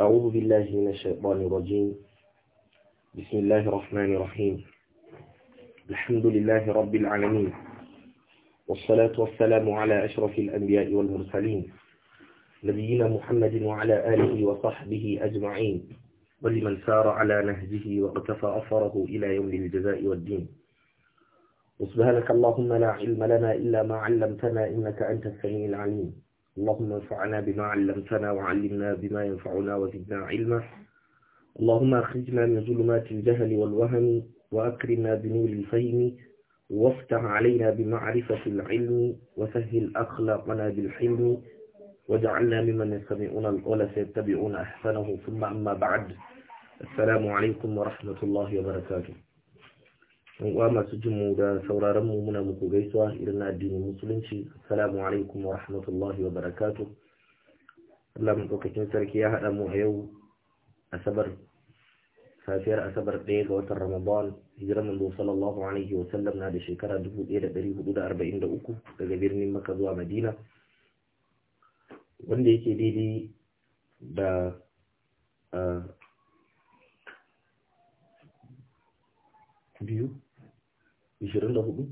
أعوذ بالله من الشيطان الرجيم بسم الله الرحمن الرحيم الحمد لله رب العالمين والصلاة والسلام على أشرف الأنبياء والمرسلين نبينا محمد وعلى آله وصحبه أجمعين ولمن سار على نهجه واقتفى أثره إلى يوم الجزاء والدين وسبحانك اللهم لا علم لنا إلا ما علمتنا إنك أنت السميع العليم اللهم انفعنا بما علمتنا وعلمنا بما ينفعنا وزدنا علما اللهم أخرجنا من ظلمات الجهل والوهم وأكرمنا بنور الفهم وافتح علينا بمعرفة العلم وسهل أخلاقنا بالحلم وجعلنا ممن يستمعون القول فيتبعون أحسنه ثم أما بعد السلام عليكم ورحمة الله وبركاته uwa masu jin mu da sauraron mu muna muku gaisuwa irin na addinin musulunci assalamu alaikum wa rahmatullahi wa barakatu. Allah mu dokokin sarki ya hada mu a yau asabar safiyar asabar ɗaya ga watan ramadan hijirar manzo sallallahu alaihi wa sallam na da shekara 1443 daga birnin maka zuwa madina wanda yake daidai da ah, biyu ishirin da hudu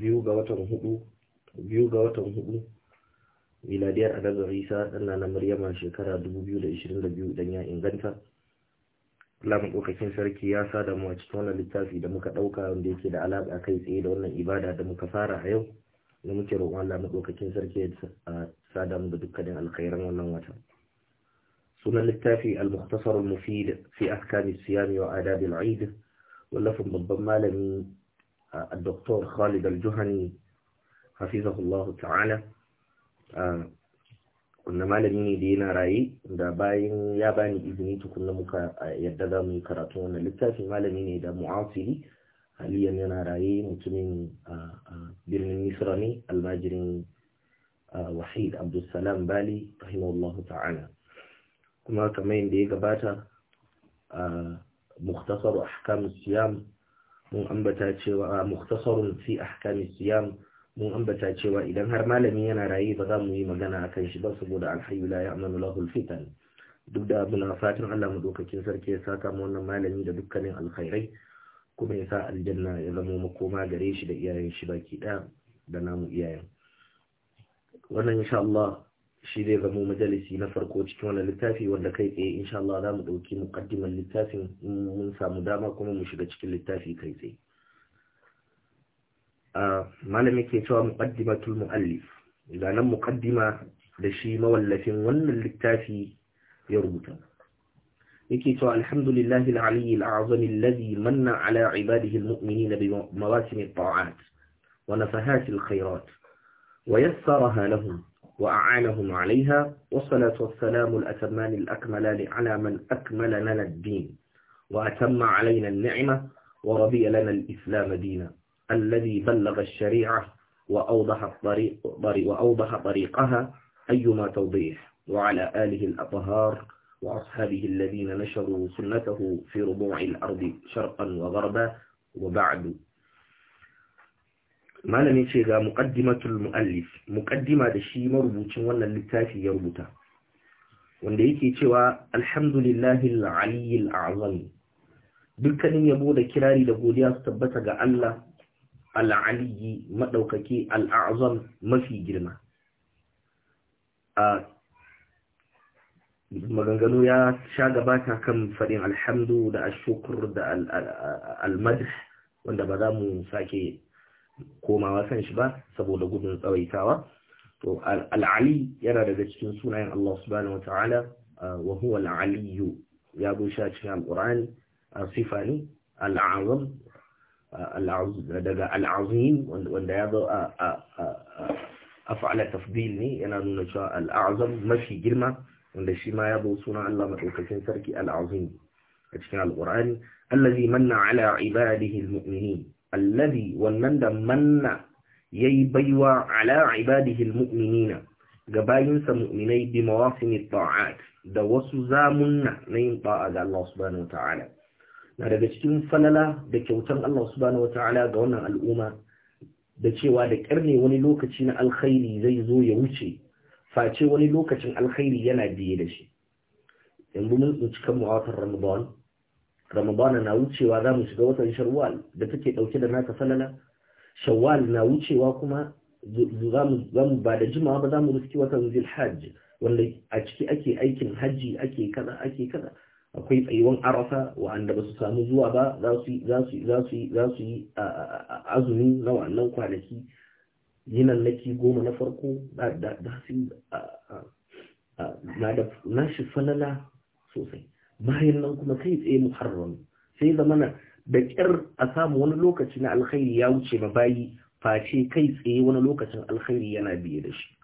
biyu ga watan hudu biyu ga watan hudu miladiyar annabi risa dan na maryama shekara 2022 dan ya inganta lamun ɗaukakin sarki ya sa da mu cikin wannan littafi da muka ɗauka wanda yake da alaka kai tsaye da wannan ibada da muka fara a yau da muke roƙon lamun ɗaukakin sarki ya sa da mu da dukkanin alkhairan wannan wata سنن التافي المختصر المفيد في أحكام الصيام وآداب العيد واللفظ بالضمى من آه، الدكتور خالد الجهني حفظه الله تعالى آه، كنا مالا مني دينا رأي دا باين يا باني إذني تكنا مكا آه، يددا من كراتون للتافي مالا مني دا معاصلي حاليا ينا رأي متمين بن المصراني الماجرين وحيد عبد السلام بالي رحمه الله تعالى kuma kamar yadda ya gabata a muktasar ahkamu siyam mun ambata cewa a muktasarun fi ahkamu siyam mun ambata cewa idan har malami yana raye ba za mu yi magana akan shi ba saboda alhayu la ya'manu lahu fitan duk da muna fatan Allah mu dokakin sarki ya saka mu wannan malami da dukkanin alkhairai kuma ya sa aljanna ya zama makoma gare shi da iyayen shi baki daya da namu iyayen wannan insha Allah shi zai zamo majalisi na farko cikin wannan littafi wanda kai tsaye insha Allah za mu ɗauki muƙaddimar littafin mun samu dama kuma mu shiga cikin littafi kai tsaye malami ke cewa muqaddimatul muallif ga nan muqaddima da shi mawallafin wannan littafi ya rubuta yake cewa alhamdulillahi al-aliyyi al-azim alladhi manna ala ibadihi al-mu'minina bi mawasim at-ta'at wa nafahat al-khairat wa yassaraha lahum وأعانهم عليها والصلاة والسلام الأتمان الأكملان على من أكمل لنا الدين وأتم علينا النعمة ورضي لنا الإسلام دينا الذي بلغ الشريعة وأوضح, الطريق وأوضح طريقها أيما توضيح وعلى آله الأطهار وأصحابه الذين نشروا سنته في ربوع الأرض شرقا وغربا وبعد malami ce ga muqaddimatul muallif muqaddima da shi marubucin wannan littafi ya rubuta wanda yake cewa alhamdulillahil aliyil a'zam dukkanin yabo da kirari da godiya su tabbata ga Allah al aliyi madaukake al-a'zam mafi girma a maganganu ya sha gabata kan fadin alhamdu da ashukur da al-madh wanda ba za mu sake komawa san shi ba saboda gudun tsawaitawa to al'ali yana daga cikin sunayen Allah subhanahu wataala wa huwa al'aliyyu ya busha cikin alqur'ani sifa ne al'azam daga al'azim wanda ya zo a af'ala tafdil ne yana nuna cewa al'azam mafi girma wanda shi ma ya zo sunan Allah madaukakin sarki al'azim a cikin alqur'ani allazi manna ala ibadihi al-mu'minin alladhi wannan da manna yayi baiwa ala ibadihi almu'minina ga bayinsa mu'minai bi ta'at da wasu zamunna na yin ta'a ga Allah subhanahu wata'ala na daga cikin falala da kyautar Allah subhanahu wata'ala ga wannan al'umma da cewa da karne wani lokaci na alkhairi zai zo ya wuce face wani lokacin alkhairi yana biye da shi yanzu mun tsinci kanmu a Ramadan ramadana na wucewa za mu shiga watan shawwal da take dauke da naka salala shawwal na wucewa kuma za mu ba da jimawa ba za mu riski watan zilhajj wanda a ciki ake aikin hajji ake kaza ake kaza akwai tsayuwan arafa wa'anda ba su samu zuwa ba za su yi azumi na wannan kwanaki yinan naki goma na farko da su na da nashi falala sosai bayan nan kuma kai tsaye muharram sai zamana da kyar a samu wani lokaci na alkhairi ya wuce ma bayi face kai tsaye wani lokacin alkhairi yana biye da shi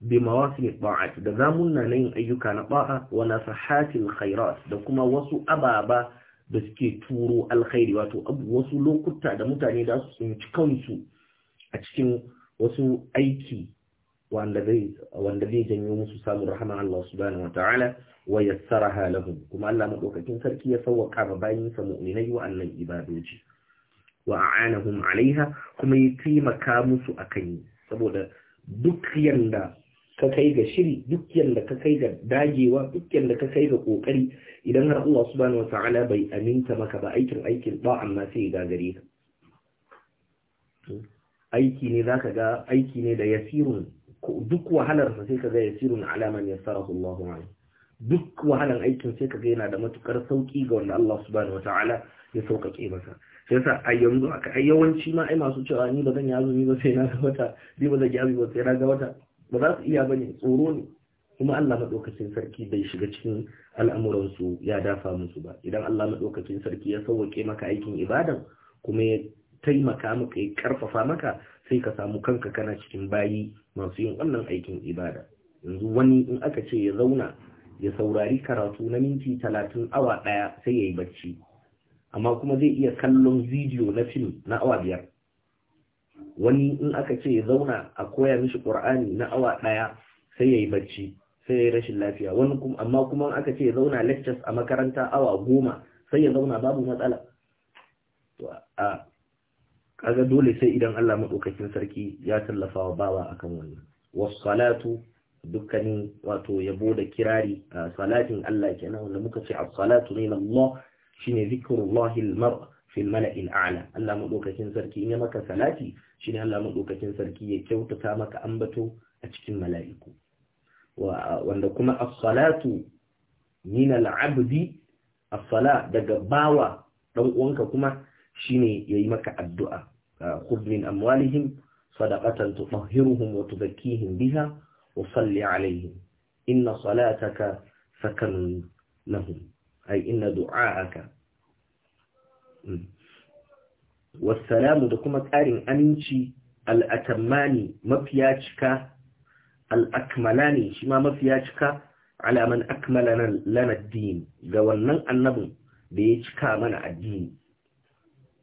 bi mawasil ta'at da zamunna na yin ayyuka na ba'a wa nasahatil khairat da kuma wasu ababa da suke turo alkhairi wato abu wasu lokuta da mutane da su tsinci kansu a cikin wasu aiki وان الذي جن يوم سام الرحمة الله سبحانه وتعالى ويسرها لهم كما ألا مدوكتين سركية سوى كاب باين سمؤمني وأن الإبادوج وأعانهم عليها كما يتيم كامس أكني سبودا دكيان دا كخيغ شري دكيان دا كخيغ داجي و دكيان دا كخيغ قوكري إذن الله سبحانه وتعالى بي أمين تمك بأيك الأيك الضاع ما سيدا غريه أيكي نذاك أيكي نذا يسيرون duk wahalar sa sai kaga yasirun ala man yassarahu Allahu alayhi duk wahalar aikin sai kaga yana da matukar sauki ga wanda Allah subhanahu wataala ya saukake masa sai sa a yanzu aka ai yawanci ma ai masu cewa ni ba zan yi azumi ba sai na ga wata ni ba zan yi azumi ba sai na ga wata ba za su iya bane tsoro ne kuma Allah maɗaukacin sarki bai shiga cikin al'amuransu ya dafa musu ba idan Allah maɗaukacin sarki ya sauwake maka aikin ibadan kuma ya taimaka maka ya karfafa maka sai ka samu kanka kana cikin bayi masu yin wannan aikin ibada yanzu wani in aka ce ya zauna ya saurari karatu na minti talatin awa ɗaya sai ya yi bacci amma kuma zai iya kallon vidiyo na fim na awa biyar wani in aka ce ya zauna a koya mishi ƙur'ani na awa ɗaya sai ya yi bacci sai ya yi rashin lafiya wani kuma amma kuma aka ce ya zauna lectures a makaranta awa goma sai ya zauna babu matsala kaga dole sai idan Allah madaukakin sarki ya tallafa wa bawa akan wannan wassalatu dukkanin wato yabo da kirari salatin Allah kenan wanda muka ce as-salatu min Allah shine zikrullahi al-mar fi al-mala'i al-a'la Allah madaukakin sarki in ya maka salati shine Allah madaukakin sarki ya kyautata maka ambato a cikin mala'iku wanda kuma as-salatu min al-'abdi as-sala daga bawa dan uwanka kuma shine yayi maka addu'a خذ من أموالهم صدقة تطهرهم وتذكيهم بها وصل عليهم إن صلاتك سكن لهم أي إن دعاءك والسلام دكما تارين أنشي الأتماني مفياتك الأكملاني شما مفياتك على من أكمل لنا الدين قولنا النبو بيتك من الدين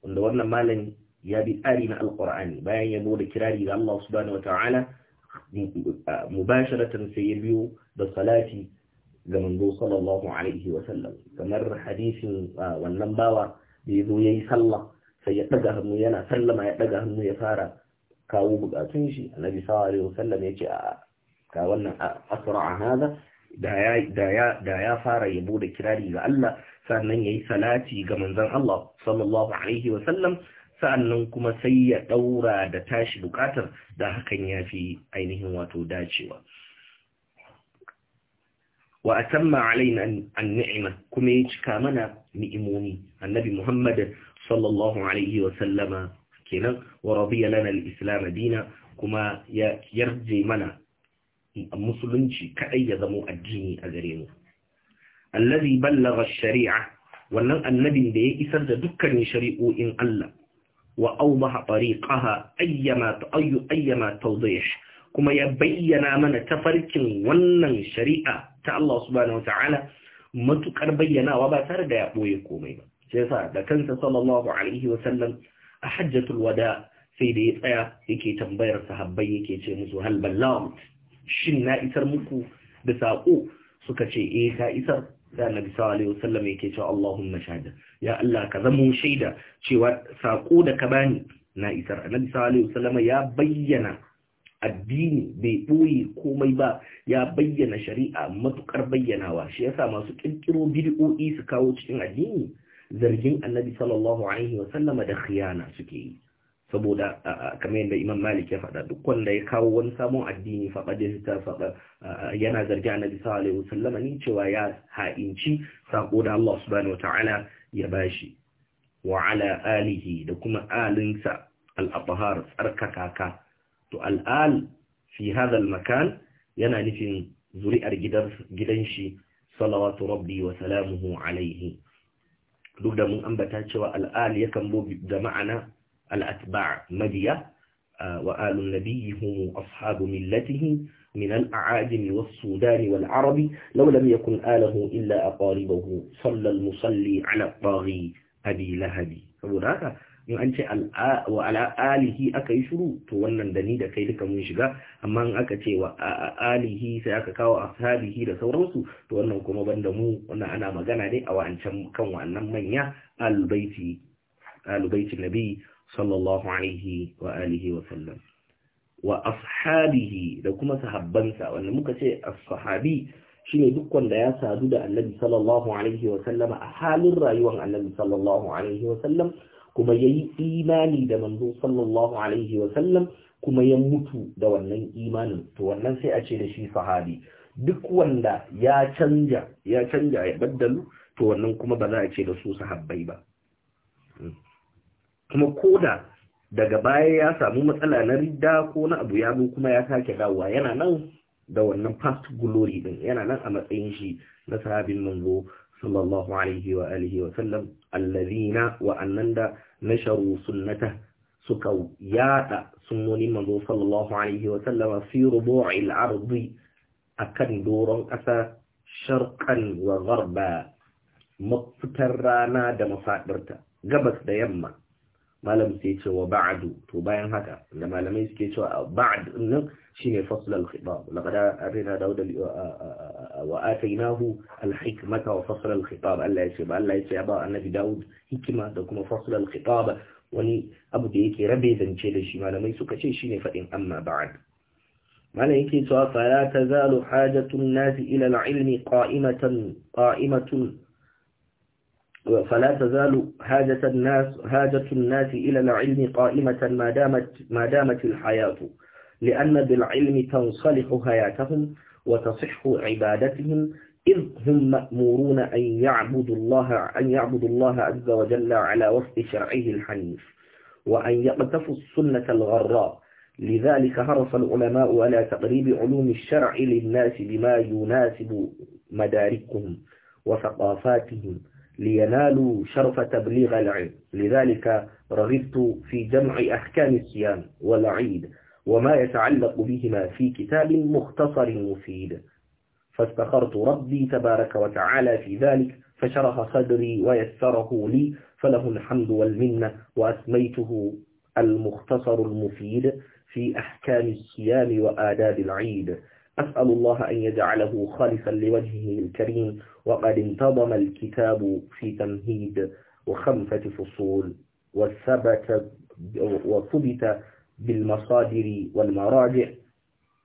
wanda wannan malami ya bi tsari na alkur'ani bayan ya nuna kirari ga Allah subhanahu wataala mubasharatan sai ya biyo da salati ga manzo sallallahu alaihi wa sallam kamar hadisin wannan bawa da ya zo yayi sallah sai ya daga hannu yana sallama ya daga hannu ya fara kawo bukatun shi annabi sallallahu alaihi wa sallam yace a ka wannan asra'a hada da ya fara ya bude kirari ga Allah sannan yayi salati ga manzon Allah sallallahu alaihi wa sallam sa'annan kuma sai ya ɗaura da tashi buƙatar da hakan ya fi ainihin wato dacewa wa atamma alaina an ni'ima kuma ya cika mana ni'imomi annabi muhammad sallallahu alaihi wa sallama kenan wa radiya lana islam dina kuma ya yarje mana musulunci kadai ya zamo addini a gare mu allazi ballagha sharia wannan annabin da ya isar da dukkanin shari'o'in Allah وأوضح طريقها أيما أي أيما توضيح كما يبين من تفرق ونن شريعة تا الله سبحانه وتعالى matukar bayyanawa ba tare da ya ɓoye komai ba sai yasa da kansa sallallahu alaihi wa sallam a hajjatul wada sai da ya tsaya yake tambayar sahabbai yake ce musu hal ballam shin na isar muku da sako suka ce e ta isar da annabi sallallahu alaihi wasallam yake cewa Allahumma shahida ya Allah ka zamo shaida cewa sako da ka bani na isar annabi sallallahu alaihi wasallam ya bayyana addini bai boye komai ba ya bayyana shari'a matukar bayyanawa shi yasa masu ƙirƙiro bid'o'i su kawo cikin addini zargin annabi sallallahu alaihi wasallam da khiyana suke yi saboda kamar yadda imam malik ya faɗa duk wanda ya kawo wani sabon addini faɗa ta faɗa yana zargi nabi, sallallahu alaihi wasallam ni cewa ya ha'inci sako da Allah subhanahu wataala ya bashi wa ala alihi da kuma alinsa al tsarkaka ka to al-al fi hadha al-makan yana nufin zuri'ar gidan gidan shi salawatu rabbi wa salamuhu alaihi duk da mun ambata cewa al-al yakan bo da ma'ana الأتباع مدية آه، وآل النبي هم أصحاب ملته من الأعاجم والسودان والعرب لو لم يكن آله إلا أقاربه صلى المصلي على الطاغي أبي لهبي فبناك أنت وعلى آله أكي شروع تونا دنيدا كيدك منشقا أما أنك تي وآله سيأكك وأصحابه لسورة وسو تونا كما بندمو وأنا أنا مغانا دي أو أنت كم وأنا من يا آل بيتي آل بيت النبي صلى الله عليه وآله وسلم وأصحابه da kuma sahabbansa wanda muka ce as-sahabi shine duk wanda ya sadu da Annabi sallallahu alaihi wa sallama a halin rayuwar Annabi sallallahu alaihi wa sallam kuma yayi imani da manzo sallallahu alaihi wa sallam kuma ya mutu da wannan imanin to sai a ce da shi duk wanda ya canja ya canja ya baddalu to wannan kuma ba za a ce da su sahabbai ba hmm. kuma koda daga baya ya samu matsala na rida ko na abu ya zo kuma ya sake dawowa yana nan da wannan past glory din yana nan a matsayin shi na sahabin manzo sallallahu alaihi wa alihi wa sallam alladhina wa annanda nasharu sunnata suka yada sunnonin manzo sallallahu alaihi wa sallama fi rubu'il ardi akan doron ƙasa sharqan wa gharba mafitar rana da mafadarta gabas da yamma malam sai ce wa ba'du to bayan haka da malamai suke cewa ba'd nan shine fasl al-khitab laqad arina daud wa atainahu al-hikmata wa fasl al-khitab Allah yace ba Allah yace ba annabi daud hikima da kuma fasl al-khitab wani abu da yake rabe zance da shi malamai suka ce shine fadin amma ba'd malam yake cewa fa ya tazalu hajatun nasi ila al-ilmi qa'imatan qa'imatun فلا تزال هاجة الناس هاجة الناس إلى العلم قائمة ما دامت ما دامت الحياة لأن بالعلم تنصلح حياتهم وتصح عبادتهم إذ هم مأمورون أن يعبدوا الله أن يعبدوا الله عز وجل على وفق شرعه الحنيف وأن يقتفوا السنة الغراء لذلك حرص العلماء على تقريب علوم الشرع للناس بما يناسب مداركهم وثقافاتهم لينالوا شرف تبليغ العلم لذلك رغبت في جمع أحكام الصيام والعيد وما يتعلق بهما في كتاب مختصر مفيد فاستخرت ربي تبارك وتعالى في ذلك فشرح صدري ويسره لي فله الحمد والمنة وأسميته المختصر المفيد في أحكام الصيام وآداب العيد أسأل الله أن يجعله خالصا لوجهه الكريم وقد انتظم الكتاب في تمهيد وخمسة فصول وثبت وثبت بالمصادر والمراجع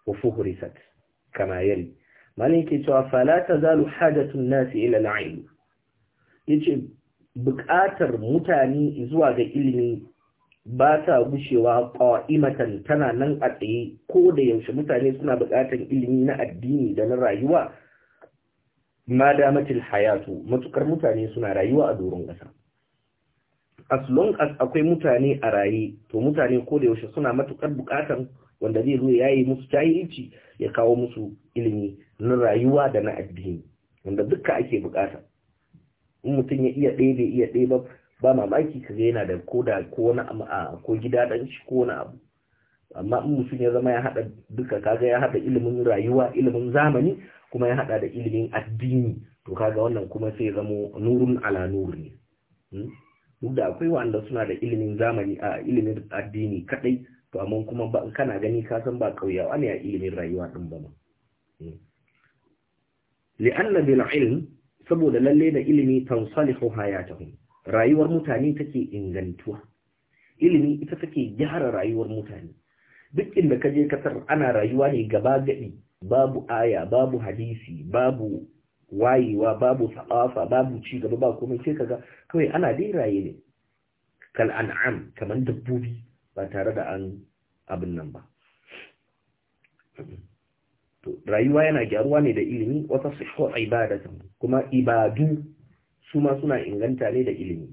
وفهرست كما يلي مالك فلا تزال حاجة الناس إلى العلم يجب بكاتر متاني إزواج إلمي ba ta gushewa imatan tana nan a tsaye ko da yaushe mutane suna buƙatar ilimi na addini da na rayuwa ma damatil hayatu matukar mutane suna rayuwa a doron ƙasa as long as akwai mutane a raye to mutane ko da yaushe suna matukar buƙatar wanda zai zo yayi musu jahilci ya kawo musu ilimi na rayuwa da na addini wanda dukka ake buƙata in mutum ya iya ɗaya bai iya ɗaya ba ba mamaki ga yana da ko da ko wani ko gida dan shi ko wani abu amma in mutum ya zama ya hada duka kaga ya hada ilimin rayuwa ilimin zamani kuma ya hada da ilimin addini to kaga wannan kuma sai zamo nurun ala nur ne hmm? duk da akwai wanda suna da ilimin zamani a ilimin addini kadai to amma kuma ba kana gani ka san ba kauyawa ne a ilimin rayuwa din ba ma hmm? li'anna bil ilm saboda lalle da ilimi tansalihu hayatuhum rayuwar mutane take ingantuwa ilimi ita take gyara rayuwar mutane duk inda ka je kasar ana rayuwa ne gaba gadi babu aya babu hadisi babu wayewa babu sa'afa babu ci gaba ba komai sai kaga kawai ana dai raye ne kal an'am kaman dabbobi ba tare da an abin nan ba to rayuwa yana gyaruwa ne da ilimi wata sihhu ibadatan kuma ibadu su ma suna inganta ne da ilimi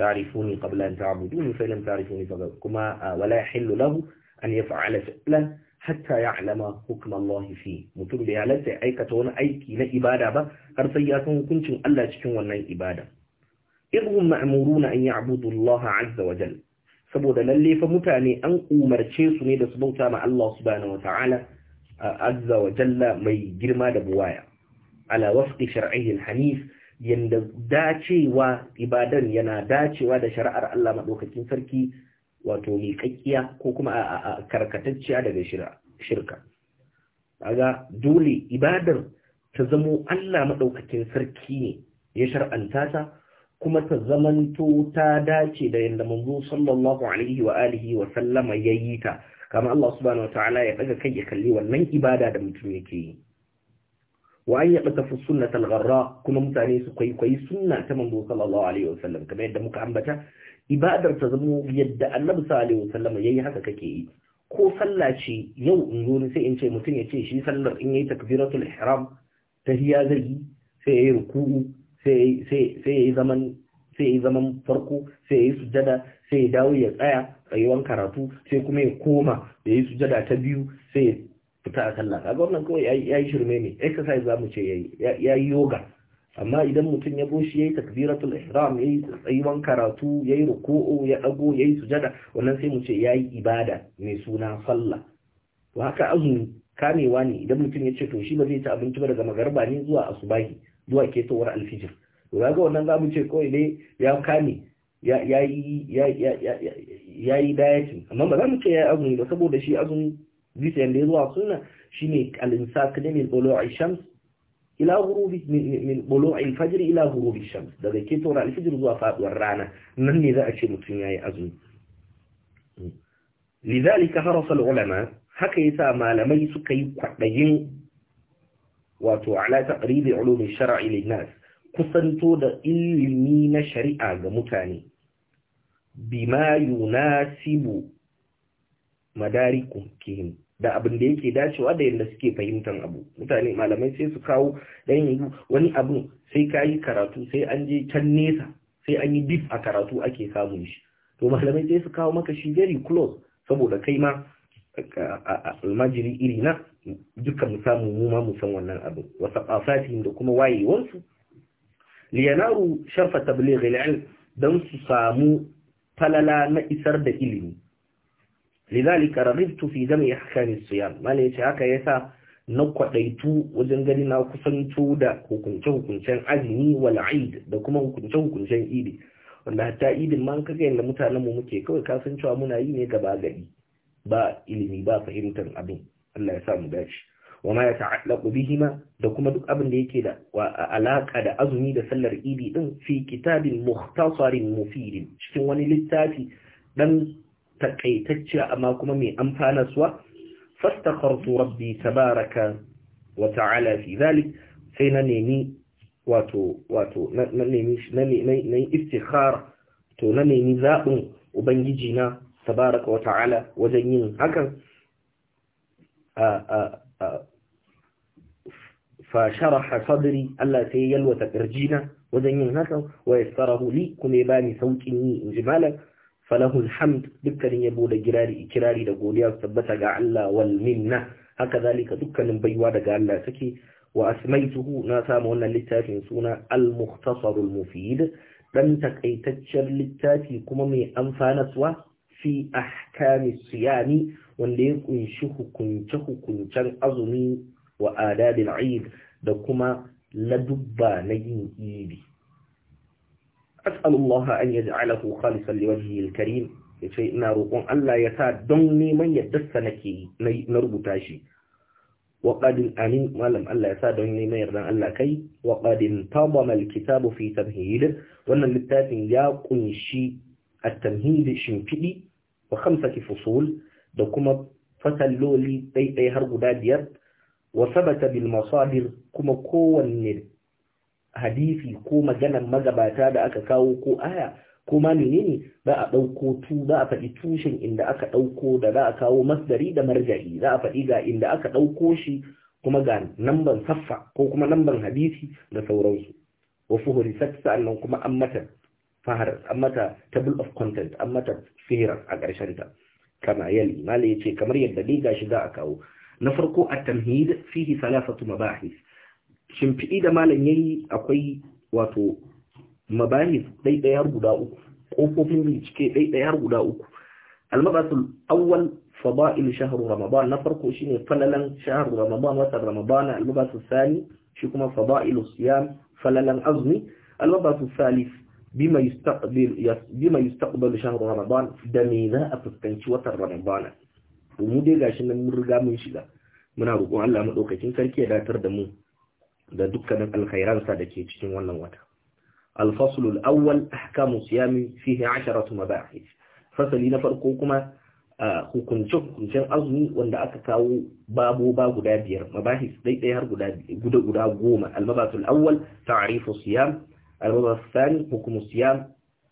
ta'rifuni qabla ta'buduni fa lam ta'rifuni fa kuma wala yahillu lahu an yaf'ala fi'lan hatta ya'lama hukm Allah fi mutum da halatta aikata wani aiki na ibada ba har sai ya san hukuncin Allah cikin wannan ibada idhum ma'muruna an ya'budu Allah 'azza wa jalla saboda lalle fa mutane an umarce su ne da su bauta ma Allah subhanahu wa ta'ala azza wa jalla mai girma da buwaya ala wafqi shar'ihi al-hanif yanda dacewa ibadan yana dacewa da shari'ar Allah madaukakin sarki wato miƙaƙƙiya ko kuma a karkatacciya daga shirka kaga dole ibadar ta zamo Allah madaukakin sarki ne ya shar'anta ta kuma ta zamanto ta dace da yadda manzo sallallahu alaihi wa alihi wa sallama yayi ta kama Allah subhanahu wa ta'ala ya daga kai ya kalli wannan ibada da mutum yake yi وأن يقتفوا السنة الغراء كما متعني سقي كي سنة تمن بو صلى الله عليه وسلم كما يدى مكعمبة إبادة تزمو يدى النبي صلى الله عليه وسلم ييهك ككي كو صلى شي يو انجون سي انشي متن يتشي شي صلى إن يي تكبيرة الإحرام تهيا زي سي ركوء سي سي سي زمن سي زمن فرقو سي سجدة سي داوي يتعي آية. أيوان كراتو سي كومي كوما سي سجدة تبيو سي fita a sallah kaga wannan kawai yi shirme ne exercise zamu ce yayi yi yoga amma idan mutum ya goshi yayi takbiratul ihram yayi tsayuwan karatu yayi ruku'u ya dago yayi sujada wannan sai mu ce yi ibada mai suna sallah to haka azumi kamewa ne idan mutum ya ce to shi ba zai ci abinci ba daga magarba ne zuwa asubahi zuwa ketowar alfijir to kaga wannan zamu ce kawai ne ya kame ya yi dayatin amma ba za mu ce ya yi azumi ba saboda shi azumi bisa yadda ya zuwa suna shi ne al'insak ne min ɓolo'ai shams ila hurubi min ɓolo'ai fajiri ila hurubi shams daga ke tora alfijir zuwa faɗuwar rana nan ne za a ce mutum ya yi azumi lidhalika harasa ulama haka yasa malamai suka yi kwaɗayin wato ala taqribi ulumi shar'i linnas kusanto da ilimi na shari'a ga mutane bima yunasibu madarikukihim da abin da yake dacewa da yadda suke fahimtar abu mutane malamai sai su kawo dan yanzu wani abu sai ka yi karatu sai an je can nesa sai an yi dip a karatu ake samun shi to malamai sai su kawo maka shi very close saboda kai ma almajiri iri na duka mu samu mu ma mu san wannan abu wasa saqafatihim da kuma wayewansu liyanaru sharfa tabligh al-ilm dan su samu falala na isar da ilimi lidhalika raghibtu fi jami' ahkam as-siyam mala yace haka sa na kwadaitu wajen gani na kusanto da hukunce hukuncen azumi wal da kuma hukunce hukuncen idi wanda hatta idin man kaga yanda mutanen mu muke kawai kasan cewa muna yi ne gaba gari ba ilimi ba fahimtar abin Allah ya sa mu dace wa ma yata'allaqu bihima da kuma duk abin da yake da alaka da azumi da sallar idi din fi kitabin mukhtasarin mufidin cikin wani littafi dan taƙaitacciya amma kuma mai amfanaswa fastakartu rabbi tabaraka wa ta'ala fi zalik sai na nemi wato wato na nemi na nemi istikhar to na nemi zaɓin ubangiji na tabaraka wa ta'ala wajen yin hakan fa sharaha sadri Allah sai yalwata kirjina wajen yin hakan wa yassarahu li kuma ya bani saukin yi in ji malam falahul hamd dukkanin yabo da girari ikirari da godiya su tabbata ga Allah wal minna haka zalika dukkanin baiwa daga Allah take wa asmaituhu na samu wannan littafin suna al-mukhtasarul mufid dan takaitaccen littafi kuma mai amfanaswa fi ahkami siyami wanda ya kunshi hukunce-hukuncen azumi wa adabin eid da kuma ladubba na yin ibi. as'alullah an yaj'alahu khalisan liwajhihi alkarim yace ina roƙon Allah ya sa don neman yaddarsa nake na rubuta shi wa qadin amin malam Allah ya sa don neman yardan Allah kai wa qadin tabama alkitabu fi tamhid wannan littafin ya kunshi at-tamhid shimfidi wa khamsati fusul da kuma fasalloli ɗaiɗai har guda biyar wa sabata bil masadir kuma kowanne hadisi ko maganar magabata da aka kawo ko aya ko ma menene za a ɗauko tu za a faɗi tushen inda aka ɗauko da za a kawo masdari da marja'i za a faɗi ga inda aka ɗauko shi kuma ga namban saffa ko kuma namban hadisi da sauransu wa fuhurisat sa'annan kuma an mata fahar an mata table of content an mata fihirar a ƙarshen ta kama yali mala yace kamar yadda dai gashi za a kawo na farko at-tamhid fihi thalathatu mabahis shimfiɗi da malam yayi akwai wato mabahis ɗaiɗayar guda uku ƙofofin bincike ɗaiɗayar guda uku almabasul awwal fada'il shahru ramadan na farko shine falalan shahru ramadan watan ramadan almabasul sani shi kuma fada'il siyam falalan azmi almabasul salis bima yustaqbil bima yustaqbal shahru ramadan da me za a fuskanci watan ramadan mu dai gashi nan mun riga mun shiga muna roƙon Allah madaukakin sarki ya datar da mu da dukkanin alkhairansa da ke cikin wannan wata alfasulul awwal ahkamu siyami fihi 10 mabahith fasali na farko kuma hukuncin hukuncen azumi wanda aka kawo babo ba guda biyar mabahis ɗaiɗai har guda guda goma almabatul awwal ta'rifu siyam almabas thani hukumu siyam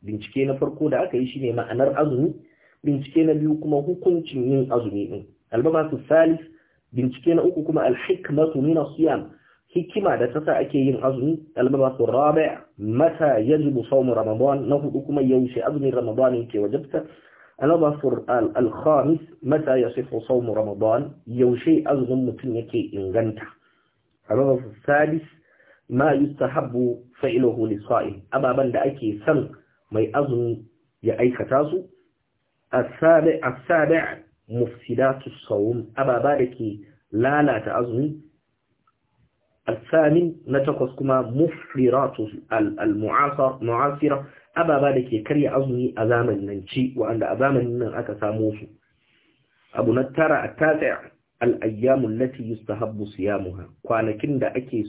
bincike na farko da aka yi shine ma'anar azumi bincike na biyu kuma hukuncin yin azumi din almabatul salis bincike na uku kuma alhikmatu min siyam hikima da tasa ake yin azumi al-mabasu rabi' mata yajibu sawm ramadan na hudu kuma yaushe azumin ramadan yake wajibta al-mabasu al-khamis mata yasifu sawm ramadan yaushe azumin mutun yake inganta al-mabasu sadis ma yustahabu fa'iluhu lisa'im ababan da ake san mai azumi ya aikata su as-sabi' as-sabi' mufsidatu as-sawm ababa dake lalata azumi الثامن كما مفرات المعاصر معاصرة أبا بالك كري أظني أزاما ننشي وأن أزاما نن أكساموس أبو نترى التاسع الأيام التي يستهب صيامها وأنا كند أكي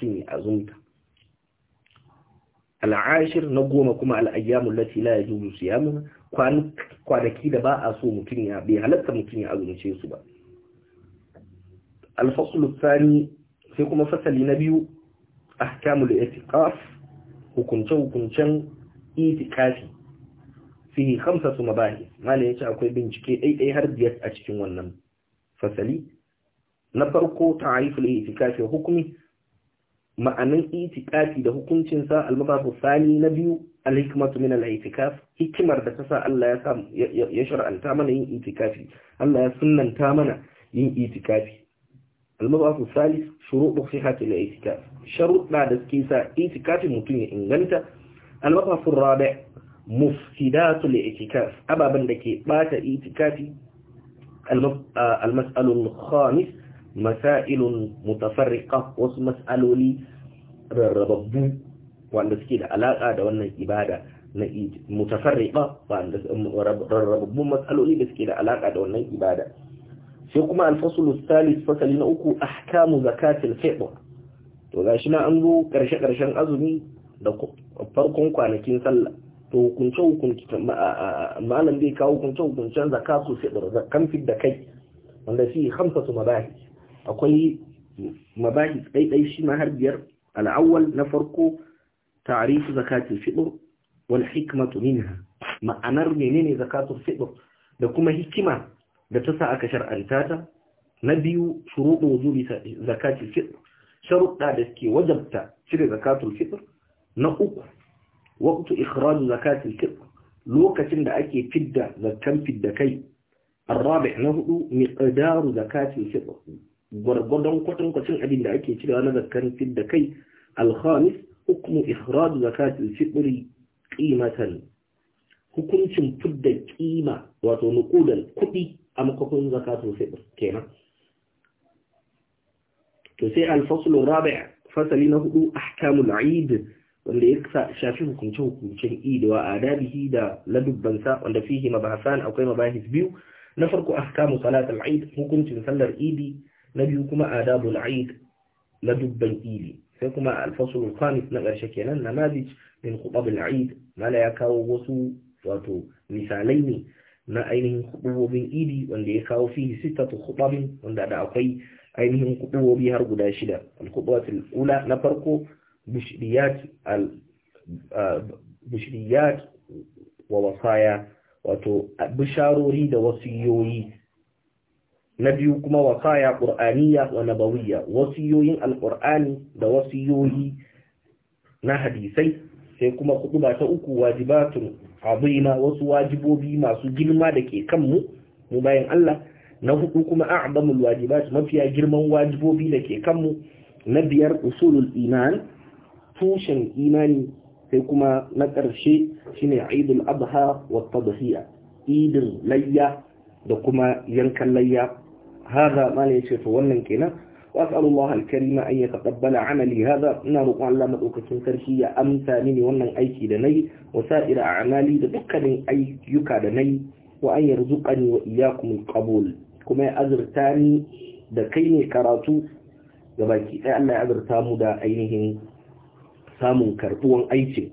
كني أزمت العاشر نقوم كما الأيام التي لا يجوز صيامها وأنا كيدا باء سومتني بهلت متني أزمتني سبا الفصل الثاني sai kuma fasali na biyu ahkamul itiqaf hukunce hukuncen itikafi fihi khamsatu mabahis malai yace akwai bincike ɗaiɗai har biyar a cikin wannan fasali na farko ta'riful itikafi wa hukmi ma'anan itikafi da hukuncin sa sani na biyu al min al-itikaf hikimar da tasa Allah ya sa ya shar'anta mana yin itikafi Allah ya sunnanta mana yin itikafi almabasu salis shuruɗu sihhatil i'tikaf sharuɗa da suke sa i'tikafin mutum ya inganta almabasu rabi mufsidatul i'tikaf Ababen da ke bata i'tikafi almas'alul khamis masailun mutafarriqa wasu mas'aloli rarrababbu wanda suke da alaka da wannan ibada na mutafarriqa wanda rarrababbun mas'aloli da suke da alaka da wannan ibada sai kuma alfasulu salis fasali na uku ahkamu zakatil fitr to gashi na an zo karshe karshen azumi da farkon kwanakin sallah to hukunce hukunci malam zai kawo hukunce hukuncen zakatu fitr zakan fit da kai wanda fi khamsatu mabahi akwai mabahi daidai shi ma har biyar al-awwal na farko ta'rif zakatul fitr wal hikmatu minha ma'anar menene zakatul fitr da kuma hikima da ta sa aka shar'anta ta na biyu shuruɗin wujubi zakatul fitr sharuɗa da suke wajabta cire zakatul fitr na uku waqtu ikhraj zakatul fitr lokacin da ake fidda zakkan fidda kai الرابع نهدو مقدار زكاة الفطر gwargwadon kwatankwacin abin da ake cirewa na zakar fidda kai alhamis hukumu ikhraj zakatul fitri qimatan hukuncin fidda kima wato nuqudan kudi a makofin zakatun fitr kenan to sai alfasul rabi' fasali na hudu ahkamul eid wanda ya shafi hukunce hukunci eid wa adabihi da ladubbansa wanda fihi mabahasan akwai mabahis biyu na farko ahkamu salat al-eid hukuncin sallar eid na biyu kuma adabul eid ladubban eid sai kuma alfasul khamis na karshe kenan namazij min khutab al-eid mala ya kawo wasu wato misalai ne na ainihin kuɗuwobin idi wanda ya kawo fihi sittatu hudabin wanda da akwai ainihin kuɗuwobi har guda shida alkuɗuwatul ula na farko bishiriyat al wa wasaya wato bisharori da wasiyoyi na biyu kuma wasaya qur'aniya wa nabawiyya wasiyoyin alqur'ani da wasiyoyi na hadisai sai kuma kuɗuba ta uku wajibatun azima wasu wajibobi masu girma da ke kanmu mu bayan Allah na hudu kuma a'zamul wajibat mafiya girman wajibobi da ke kanmu na biyar usulul iman tushen imani sai kuma na ƙarshe shine idul Adha wa Tadhiya idin layya da kuma yankan layya haza mala ce to wannan kenan وأسأل الله الكريم أن يتقبل عملي هذا نارق الله مدوكة سرشية أمسى مني وانا أيكي دني وسائر أعمالي دكني أيكيك دني وأن يرزقني وإياكم القبول كما أذرتاني دكيني كراتو gabaki ɗaya Allah ya azurta mu da ainihin samun karbuwan aiki?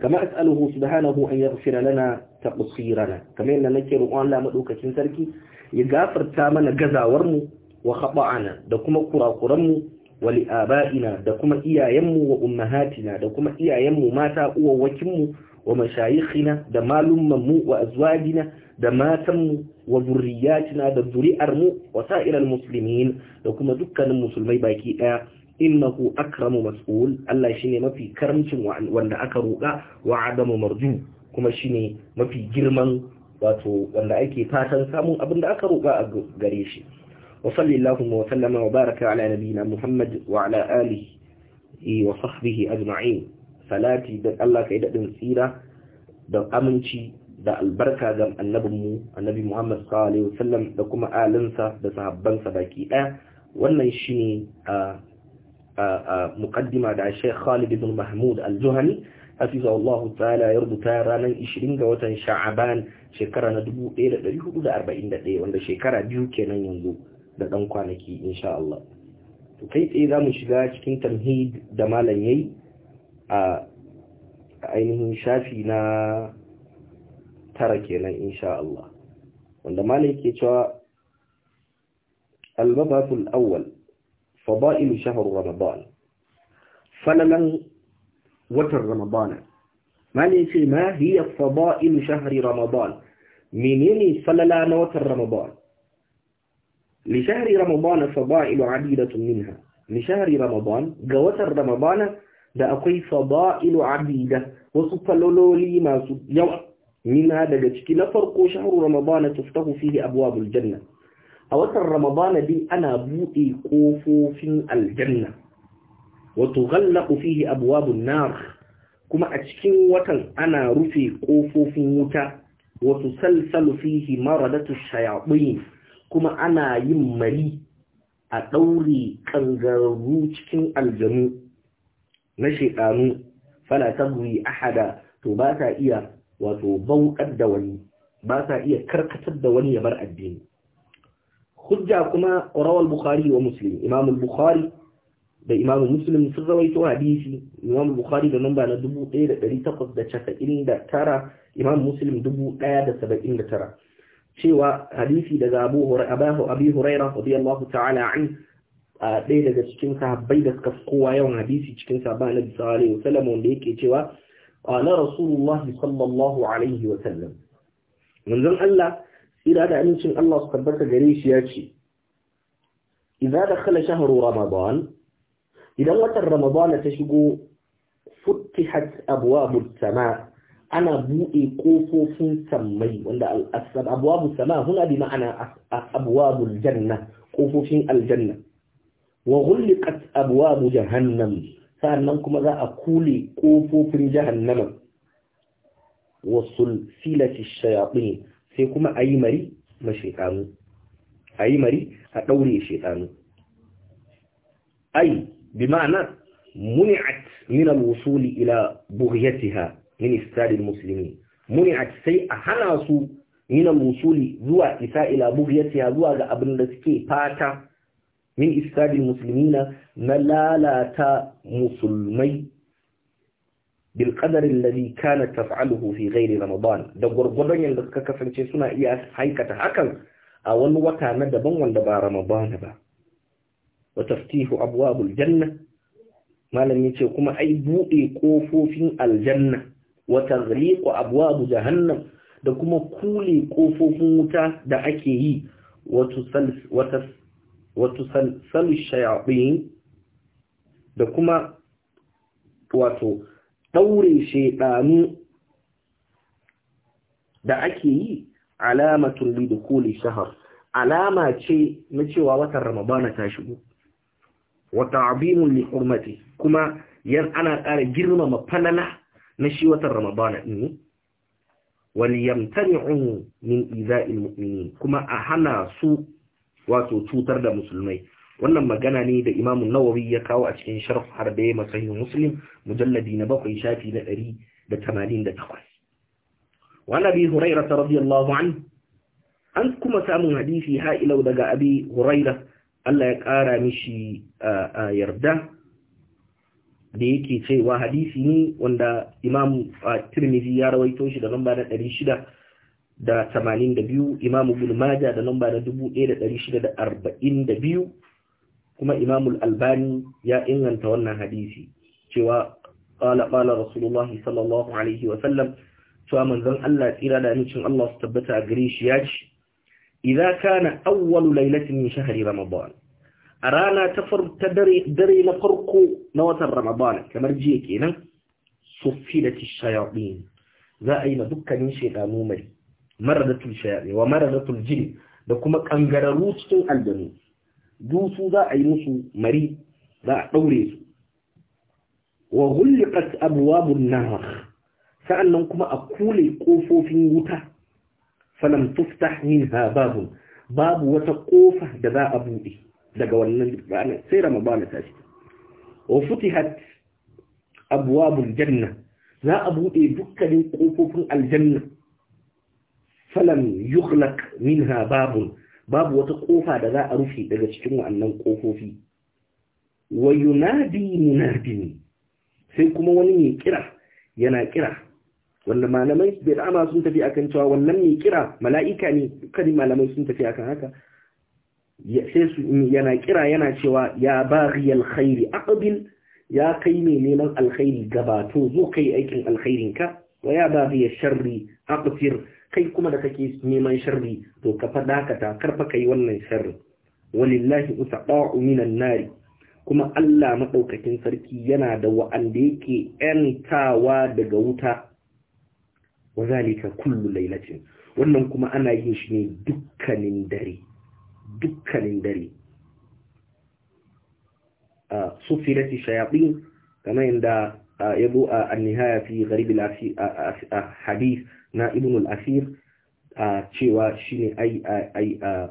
kama as'aluhu subhanahu an yaghfira lana taqsirana kamar yadda nake roƙon Allah madaukakin sarki ya gafarta mana gazawar mu wa khata'ana da kuma kurakuranmu wa li'aba'ina da kuma iyayenmu wa ummahatina da kuma iyayenmu mata uwawwakinmu wa mashayikhina da malummanmu wa azwajina da matanmu wa zurriyatina da zuri'armu wa sa'iral muslimin da kuma dukkanin musulmai baki daya innahu akramu mas'ul Allah shine mafi karamcin wanda aka roƙa wa adamu marju kuma shine mafi girman wato wanda ake fatan samun abin da aka roƙa a gare shi وصلي اللهم وسلم وبارك على نبينا محمد وعلى آله وصحبه أجمعين salati da Allah ka yi daɗin tsira da aminci da albarka ga annabinmu annabi Muhammad sallallahu alaihi wasallam da kuma alinsa da sahabbansa baki ɗaya wannan shine a a muqaddima da Sheikh Khalid ibn Mahmud Al-Juhani hafizahu Allah ta'ala ya rubuta ranar 20 ga watan Sha'aban shekara na 1441 wanda shekara biyu kenan yanzu da dan kwanaki insha Allah to kai tsaye za mu shiga cikin tamhid da malan yayi a ainihin shafi na tara kenan insha Allah wanda malam yake cewa al-mabath awwal fada'il shahr ramadan falalan watan ramadan malam yace ma hiya fada'il shahr ramadan menene falala na watan ramadan لشهر رمضان فضائل عديدة منها لشهر رمضان جوات رمضان دا أقوي فضائل عديدة وصف لولولي ما سب يوع من هذا جتك لفرق شهر رمضان تفتح فيه أبواب الجنة أوات رمضان دي أنا بوئي قوفو في الجنة وتغلق فيه أبواب النار كما أتشكين وطن أنا رفي قوفو في وتسلسل فيه مردة الشياطين kuma ana yin mari a ɗaure ƙangararru cikin aljanu na shekanu fala tabri ahada to ba sa iya wato bauƙar da wani ba sa iya karkatar da wani ya bar addini hujja kuma rawal bukhari wa muslim imam bukhari da imam muslim sun rawaito hadisi imam bukhari da namba na 1899 imam muslim 1079 cewa hadisi daga Abu Hurairah Abi Hurairah radiyallahu ta'ala an ɗaya daga cikin sahabbai da suka kowa yawan hadisi cikin sahabban Annabi sallallahu alaihi wasallam wanda yake cewa qala Rasulullah sallallahu alaihi wasallam manzon Allah ira da amincin Allah su tabbata gare shi ya ce idza dakhala shahru ramadan idan watan ramadana ta shigo futtihat abwabus samaa ana buɗe ƙofofin sammai wanda abuwabu sama huna bi ma'ana abuwabul janna ƙofofin aljanna wa ghulqat abwabu jahannam sannan kuma za a kule ƙofofin jahannama wa sulsilati shayatin sai kuma ayi mari mashaytanu ayi mari a daure shaytanu ai bi ma'ana muni'at min al-wusul ila bughyatiha min istadil muslimin muni'at sai a hana su min al-wusuli zuwa isa ila bughyatiha zuwa ga abin da suke fata min istadil muslimina na lalata musulmai bil qadar alladhi kanat taf'aluhu fi ghairi ramadan da gurgurdan yanda suka kasance suna iya haikata hakan a wani wata na daban wanda ba ramadan ba wa taftihu abwabul janna malam yace kuma ai bude kofofin aljanna wa taghliqu abwab jahannam da kuma kule kofofin wuta da ake yi wato salsalu shayaɓin da kuma wato ɗaure shaiɗanu da ake yi alamatun da kule shahar alama ce na cewa watan ramadana ta shigo wata abimun li kuma yan ana ƙara girmama falala na shi watan ramadana din ne wal min iza'il mu'minin kuma a hana su wato cutar da musulmai wannan magana ne da Imam Nawawi ya kawo a cikin Sharh Harbi Sahih Muslim mujalladi na bakwai shafi na 188 wa Nabi Hurairah radiyallahu anhu an kuma samun hadisi ha daga Abi huraira Allah ya kara mishi a yarda da yake cewa hadisi ne wanda imam tirmizi ya rawaito shi da lamba na 600 da 82 imam ibn maja da lamba na 1642 kuma imam al-albani ya inganta wannan hadisi cewa qala qala rasulullahi sallallahu alaihi wa sallam cewa manzon Allah tsira da amincin Allah su tabbata a gare shi ya ce idza kana awwalu lailatin min shahri ramadan a rana ta ta dare na farko na watan ramadana kamar jiya kenan sufilati shayatin za a yi na dukkanin shekaru mai maradatul shayatin wa maradatul jin da kuma kangararru cikin aljanu dusu za a yi musu mari za a daure su wa ghulqat abwabun nar sa'annan kuma a kule kofofin wuta falam tuftah minha babun babu wata kofa da za a bude daga wannan ranar sai ramadana ta shi wa futihat abwabul janna za a buɗe dukkanin kofofin aljanna falam yukhlaq minha babun babu wata ƙofa da za a rufe daga cikin wannan kofofi wa yunadi munadin sai kuma wani mai kira yana kira wanda malamai bai dama sun tafi akan cewa wannan mai kira mala'ika ne dukkanin malamai sun tafi akan haka sai su yana kira yana cewa ya baghiyal khairi aqbil ya kai ne neman alkhairi gabato zo kai aikin alkhairin ka wa ya baghiyash sharri aqfir kai kuma da kake neman sharri to ka fada ka ta karfa kai wannan sharri walillahi usaqa'u minan nari kuma Allah madaukakin sarki yana da wa'anda yake yantawa daga wuta wazalika kullu lailatin wannan kuma ana yin shi ne dukkanin dare dukkanin dare a sufilati shayaɗin kamar yadda ya zo a annihaya fi garibin hadith na ibn al-asir a cewa shi ne ai a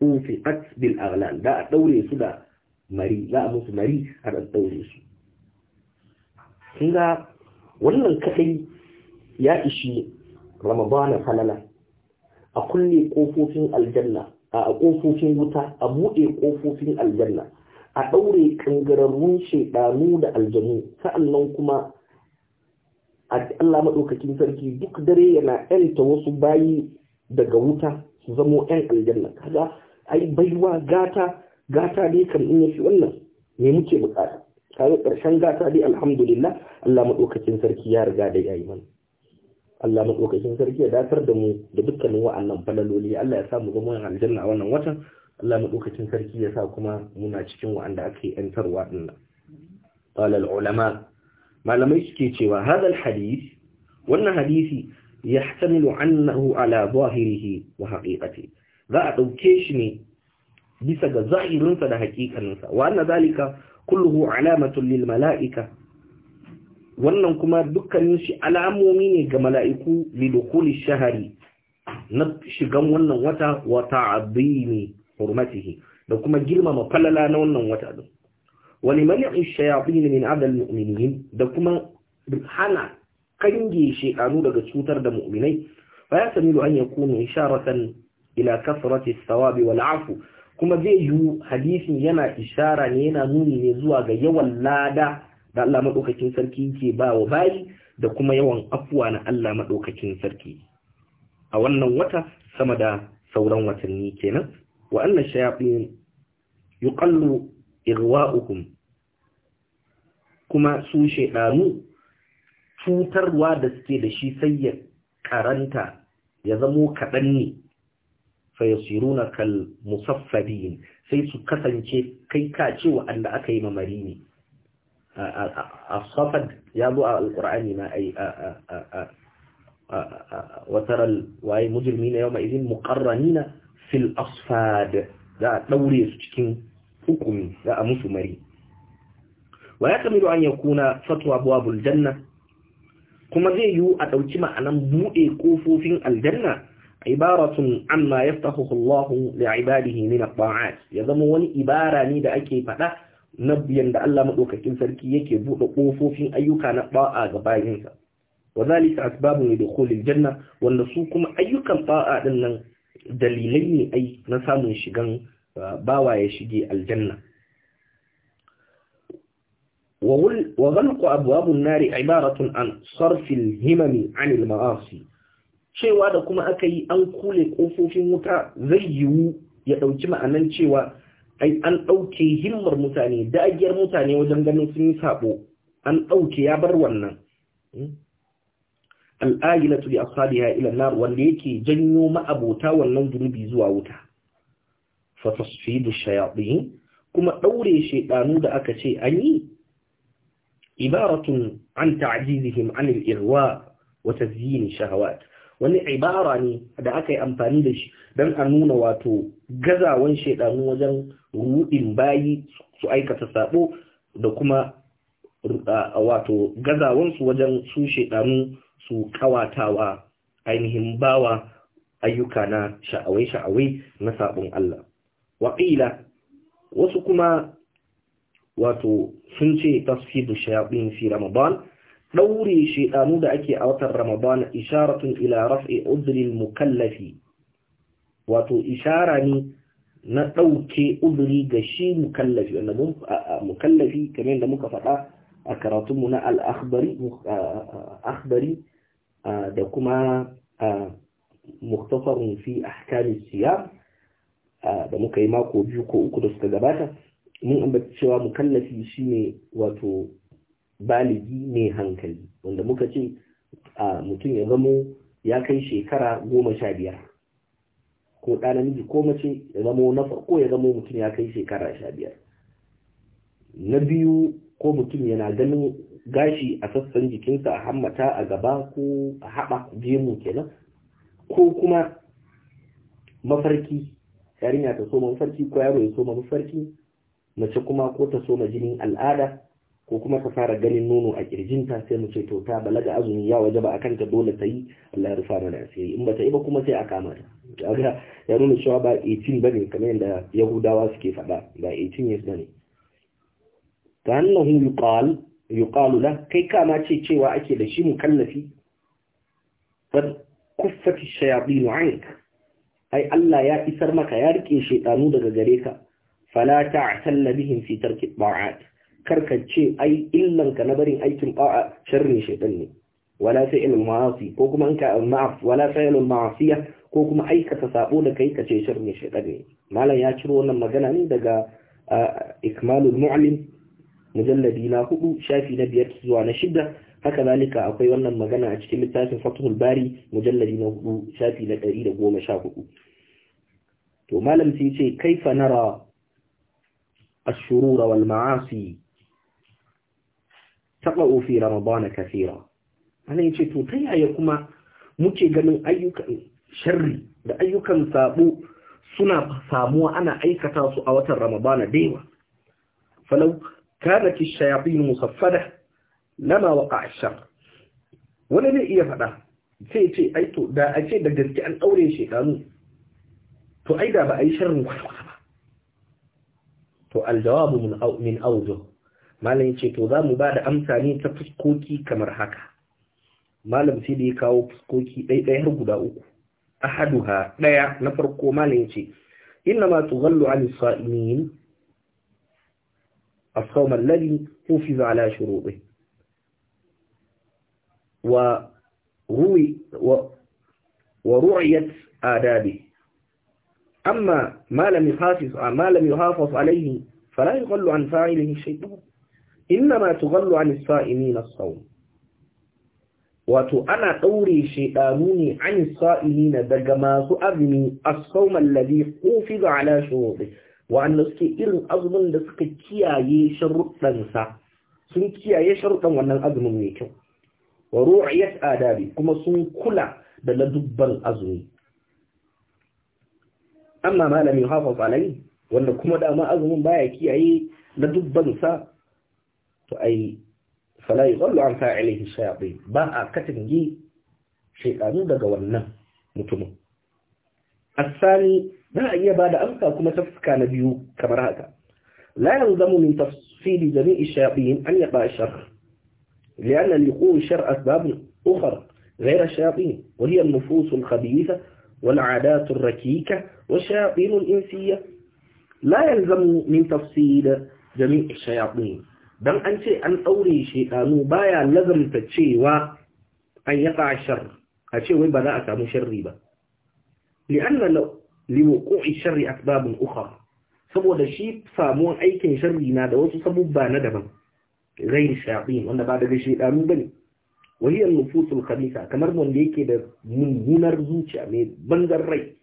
ufiqat bil aghlal da a daure su da mari za a musu mari a ɗan daure su sun ga wannan kaɗai ya ishi ramadana falala a kulle ƙofofin aljanna a ƙofofin wuta a buɗe ƙofofin aljanna a ɗaure kangararrun shaidanu da aljanu sa'annan kuma a Allah maɗaukakin sarki duk dare yana ƴanta wasu bayi daga wuta su zamo ƴan aljanna kaga ai baiwa gata gata dai kan in yafi wannan me muke bukata kaga ƙarshen gata dai alhamdulillah Allah maɗaukakin sarki ya riga da yayi mana Allah madaukakin sarki ya datar da mu da dukkanin wa'annan falaloli Allah ya sa mu zama aljanna a wannan watan Allah madaukakin sarki ya sa kuma muna cikin wa'anda aka yi yantarwa din nan qala ulama malamai suke cewa hadha hadisi, wannan hadisi yahtamilu annahu ala zahirihi wa haqiqati za a dauke shi ne bisa ga zahirinsa da haƙiƙaninsa wa anna zalika kulluhu alamatun lil mala'ika wannan kuma dukkanin shi alamomi ne ga mala'iku lidukuli shahari na shigan wannan wata wata azimi hurmatihi da kuma girmama falala na wannan wata din wani mani'in shayatin min adal mu'minin da kuma hana kange shekaru daga cutar da mu'minai fa ya sami an yakunu isharatan ila kasrati thawabi wal afu kuma zai yi hadisin yana ishara ne yana nuni ne zuwa ga yawan lada da Allah maɗaukakin sarki ke ba wa bayi da kuma yawan afuwa na Allah maɗaukakin sarki a wannan wata sama da sauran watanni kenan wa annan shayatin yuqallu irwa'ukum kuma su shedanu cutarwa da suke da shi sai ya karanta ya zamo kaɗan ne fayasiruna kal musaffadin sai su kasance kai ka ce wa Allah aka yi mamari ne الصفد يضع القرآن ما أي وترى الواي مجرمين يومئذ مقرنين في الأصفاد لا توريس تكين حكم لا أموس ويكمل أن يكون فتوى أبواب الجنة كما ذي يو أدوتما أن مبوئي كوفو في الجنة عبارة عما يفتحه الله لعباده من الطاعات يضمون إبارة نيدا أكي فتح na da Allah madaukakin sarki yake buɗe kofofin ayyuka na ba'a ga bayinsa wadhalika asbabun lidkhulil janna wanda su kuma ayyukan ba'a din nan dalilai ne ai na samun shigan bawa ya shige aljanna وغلق أبواب النار عبارة an صرف himami عن ma'asi cewa da kuma aka yi an kule ƙofofin wuta zai yiwu ya ɗauki ma'anan cewa ai an ɗauke himmar mutane dagiyar mutane wajen ganin sun yi sabo an auke ya bar wannan hmm? al'ajilatu bi ashabiha ila nar wanda yake janyo ma'abota wannan zunubi zuwa wuta fa tasfidu shayatin kuma daure shedanu da aka ce an yi ibaratun an ta'jizihim an al-irwa wa tazyin shahawat wani ibara ne da aka yi amfani da shi don a nuna wato gazawan shaidanu wajen ruɗin bayi su aikata sabo da kuma wato gazawansu wajen su shaidanu su kawatawa ainihin bawa ayyuka na sha'awai-sha'awai na sabon Allah. Waƙila wasu kuma wato sun ce tasfidu shayaɗin fi Ramadan ɗaure shaiɗanu da ake a watan Ramadan isharatun ila raf'i udril mukallafi wato ishara ne na ɗauke udri ga shi mukallafi wanda mun mukallafi kamar da muka faɗa a mu na al-akhbari da kuma muktafarun fi ahkamis siyam da muka yi mako biyu ko uku da suka gabata mun ambaci cewa mukallafi shine wato baligi mai hankali wanda muka ce a mutum ya zamo ya kai shekara goma sha biyar ko ɗa namiji ko mace ya zamo na farko ya zamo mutum ya kai shekara sha biyar na biyu ko mutum yana ganin gashi a sassan jikinsa a hammata a gaba ko a haɓa jemu kenan ko kuma mafarki yarinya ta soma mafarki ko yaro ya soma mafarki mace kuma ko ta soma jinin al'ada ko kuma ka fara ganin nono a kirjinta sai mu ce to ta balaga azumi ya waje ba akan ta dole ta yi Allah ya rufa mana asiri in bata yi ba kuma sai a kama ta kaga ya nuna cewa ba 18 bane kamar yadda Yahudawa suke faɗa ba 18 years bane ta annahu yuqal yuqalu la kai kama ce cewa ake da shi mukallafi qad kuffat ash-shayatin 'anka ai Allah ya isar maka ya rike shaytanu daga gare ka fala ta'tal bihim fi tarki ta'at karkace ai illanka na barin aikin ba'a sharri shaitan ne wala fi'il ma'asi ko kuma anka ma'af wala fi'il ma'asiya ko kuma aikata sabo da kai kace sharri shaitan ne malam ya ciro wannan magana ne daga ikmalul mu'lim mujalladi na hudu shafi na biyar zuwa na shida haka zalika akwai wannan magana a cikin littafin fatuhul bari mujalladi na hudu shafi na ɗari da goma sha hudu to malam sai ce kaifa nara الشرور والمعاصي ma'asi تقرأ في رمضان كثيرا أنا يجي توتي أيكما موتي قالوا أيك شر أيك سابو سنة سامو أنا أيك تاسو أوت رمضان ديوة فلو كانت الشياطين مصفدة لما وقع الشر ولا لي إيه فدا شيء شيء أي تو دا أي شيء دقدر كأن أوري شيء كانوا تو أي بأي شر مخلوق تو الجواب من أو من أوجه malam yace to zamu ba da amsa ne ta fuskoki kamar haka malam sai da ya kawo fuskoki dai dai har guda uku ahaduha daya na farko malam yace inna ma tughallu 'ala as-sa'imin as-sawm alladhi hufiza 'ala shurubi wa ruwi wa ru'yat adabi amma ما لم يحافظ ما لم يحافظ عليه فلا يقل عن فاعله شيء innama tughallu an as-sa'imin as-sawm wato ana daure shedanu ne an saimin daga masu azumi as-sawm alladhi qufiza ala shuruti wa anna suke irin azumin da suka kiyaye sharuɗan sa sun kiyaye sharuɗan wannan azumin mai kyau wa ru'yat adabi kuma sun kula da ladubban azumi amma malami hafafa alai wanda kuma dama azumin baya kiyaye ladubban sa فأي فلا يغل عن فاعله الشياطين باء كتن شيطان دا غورنا متوم الثاني ما هي بعد أمسا كما تفسك نبيو كما رأتا لا يلزم من تفصيل جميع الشياطين أن يقع الشر لأن لقوع الشر أسباب أخرى غير الشياطين وهي النفوس الخبيثة والعادات الركيكة والشياطين الإنسية لا يلزم من تفصيل جميع الشياطين dan an ce an tsaure shedanu baya lazamta cewa an yi shar a ce wai ba za a samu sharri ba li'anna liwuqu'i sharri uka ukhra saboda shi samuwan aikin sharri na da wasu sabubba na daban zai shayatin wanda ba daga ba bane wahiyar nufusul khabisa kamar wanda yake da mummunar zuciya mai bangar rai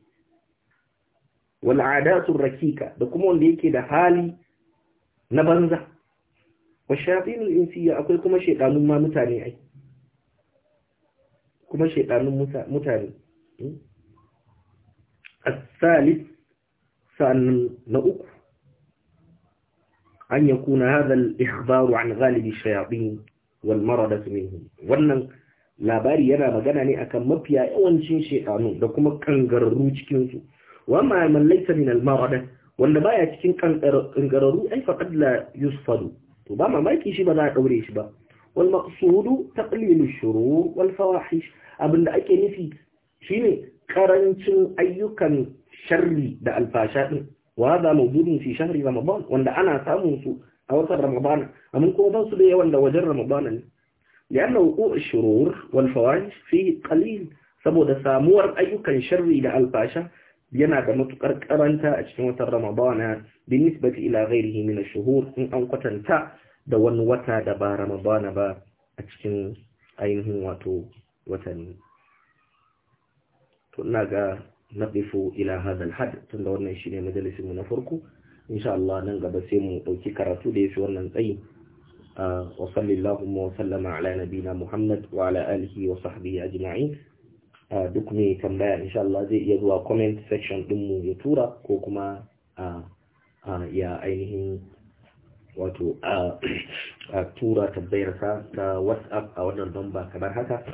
wal rakika da kuma wanda yake da hali na banza والشياطين الإنسية أقول كما شيطان ما متانعي كما شيطان متانعي الثالث سأن نؤك أن يكون هذا الإخبار عن غالب الشياطين والمرضة منهم وأن لا باري ينا مجانني أكم مبيا يوانشين شيطان لكم كنغررو جكينسو وأما من ليس من المرضة وأن بايا جكين كنغررو أي فقد لا يصفدوا ربما ما يكيشي بدا قبريش با والمقصود تقليل الشرور والفواحش أبن أكيني في شيني قرنش أيكا شري دا الفاشاء وهذا موجود في شهر رمضان وان أنا ساموس أوسط رمضان أمن كو باوس بي وان وجر رمضان لأن وقوع الشرور والفواحش فيه قليل سبو دا ساموار أيكا شري دا الفاشاء yana da matukar karanta a cikin watan ramadana binisbati ila ghairihi min ash-shuhur in an kwatanta da wani wata da ba ramadana ba a cikin ainihin wato watanni to ina ga naqifu ila hadha al-hadd tunda wannan shine majalisin mu na farko insha Allah nan gaba sai mu dauki karatu da yafi wannan tsayi ah, wa sallallahu wa sallama ala nabina Muhammad wa ala alihi wa sahbihi ajma'in duk mai tambaya insha Allah zai iya zuwa comment section mu ya tura ko kuma ya ainihin wato a tura sa ta whatsapp a wannan lamba kamar haka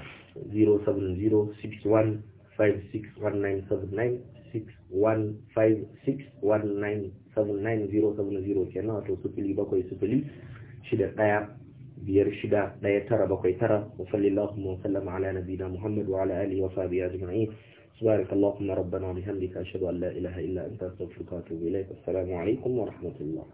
07061561979 kenan wato sufili bakwai sufili shida ɗaya بيرشدا لا يترى بقي ترى وصل اللهم وسلم على نبينا محمد وعلى آله وصحبه أجمعين سبارك اللهم ربنا بهمدك أشهد أن لا إله إلا أنت استغفرك وأتوب إليك السلام عليكم ورحمة الله